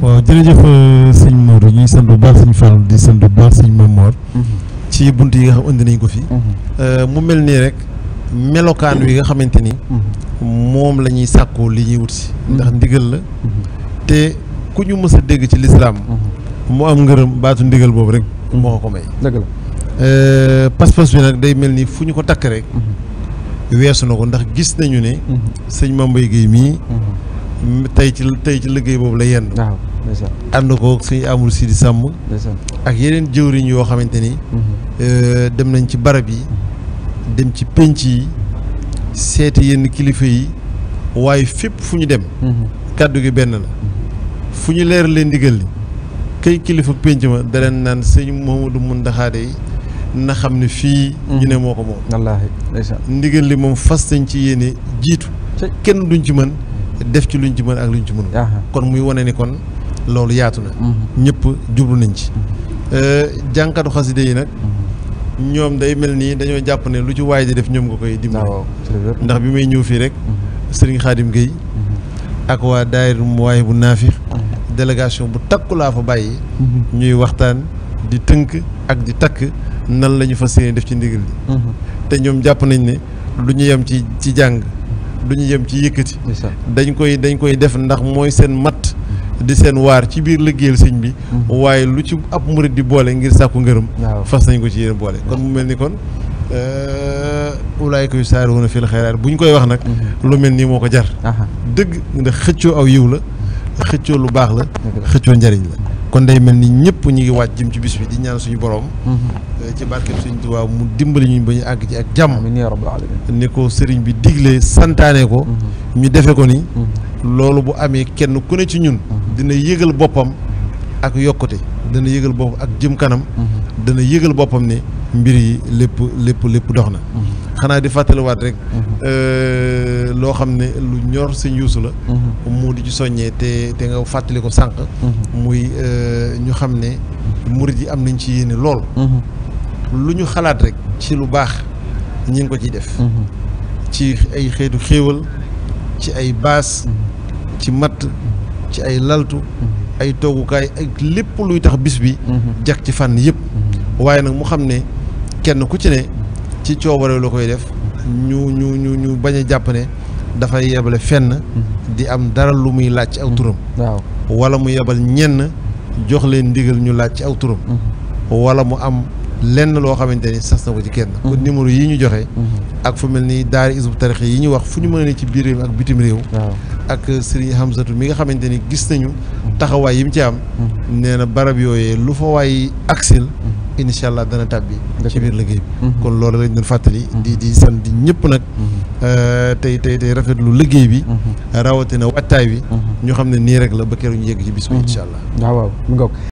waaw jërëjëf euh, sëñ Modou ñuy sant bu baax sëñ Fall di sant bu baax sëñ Mamor mhm. ci bunt yi nga xam indi nañ ko fi mhm. euh, mu mel nii rek melokaan wi nga xamante ni mhm. moom la ñuy sàkkoo li ñuy wut si ndax ndigal la te ku ñu mës dégg ci lislaam mu am ngërëm baatu ndigal boobu rek moo ko may dëgg la euh, pas-pas bi nag day mel ni fu ñu ko takk rek weesu na ko ndax gis nañu ne sëñ Mambay Guèye mii tey ci tey ci liggéey boobu la yenn ànd koog suñu amul si sàmm. ak yeneen jëwriñ yoo xamante ni. Mhm. Euh, dem nañ ci barab yi. Mhm. dem ci pénc yi. seeti yenn kilifa yi. waaye fépp fu ñu dem. Mhm. kàddu gi benn la. fu ñu leer leen ndigal li. kay kilifa pénc ma da leen naan sëñ Mouhamadou Mountakha yi na xam ne fii. ñu ne moo ko moom. ndigal li moom fas nañ ci yéene jiitu. kenn duñ ci mën def ci luñ ci mën ak luñ ci mënul. kon muy wane ni kon. loolu yaatu na. Mhm. ñëpp jublu nañ ci. Mhm. Euh, jànkatu xaside yi nag. Mhm. ñoom day mel nii dañoo jàpp ne lu ci waay di def ñoom nga koy dimbali. ndax bi may ñëw fii rek. sëriñ Xaadim Guèye. ak waa daayira mu bu naafi délégation bu takkulaa laa fa bàyyi. ñuy waxtaan di tënk ak di takk nan lañu fa fas def ci ndigal li. te ñoom jàpp nañ ne lu ñu yem ci ci jàng. du ñu ci yëkkati. dañ koy dañ koy def ndax mooy seen matt. di seen waar ci biir liggéeyal sëñ bi mhm. waaye lu ci ab murit di boole ngir sàkku ngërëm fas nañ ko ci yéen boole kon mu mel ni kon euh, ulaayka yu saariwuna fil xayraat bu ñu koy wax nag mhm. lu mel nii moo ko jar dëgg ndax xëccoo aw yiw la xëccoo lu baax la xëccoo njariñ kon day mel ni ñëpp ñu ngi wàcc jëm ci bis bi di ñaan suñu borom. Mhm. Euh, ci barkeb suñu Tuubaa mu dimbali ñu ba ñu àgg ci ak jàmm. amiin ni ko sëriñ bi digle santaane ko. ñu defe ko ni. loolu bu amee kenn ku ne ci ñun. dina yëgal boppam ak yokkute dana yégal boppam ak jëm kanam mhm. dana yëgal boppam ne mbir yi lépp lépp lépp dox na mhm. xanaa di fàttaliwaat rek mhm. euh, loo xam ne lu ñor sëñ Yuusu la mu di ci soññee te nga fàttali ko sànq muy euh, ñu xam ne murit yi am nañ ci yéene lool lu ñu xalaat rek ci lu baax ñi ngi ko ciy def ci ay xeetu xéewal ci ay baas ci matt ci ay laltu mhm. ay toogukaay ak lépp luy tax bis bi mhm. jag ci fànn yëpp mhm. waaye nag mu xam ne kenn ku ci ne ci coobare la koy def ñu ñu ñu ñu bañ a jàpp ne dafay yebale fenn di am dara lu muy laaj ci aw turam waaw mu yebal ñenn jox leen ndigal ñu laaj ci aw turam wala mu am lenn loo xamante ni sas na ko ci kenn kon yi ñu joxe ak fu mel ni daari isub tarix yi ñu wax fu ñu mën a ne ci biir réew ak bitim réew ak Serigne Hamzatu mi nga xamante ni gis nañu taxawaay yi mu ci am nee na barab yooyee lu fa waay aksil incha allah dana tàbbi ci biir liggéey bi mhm. kon loolu lañ doon fàttali mhm. di di sant di ñëpp nag mhm. euh, tey tey tey rafetlu liggéey bi rawatina wattaay bi ñu xam ne nii rek la ba keroog ñu yegg ci bis bi waaw waaw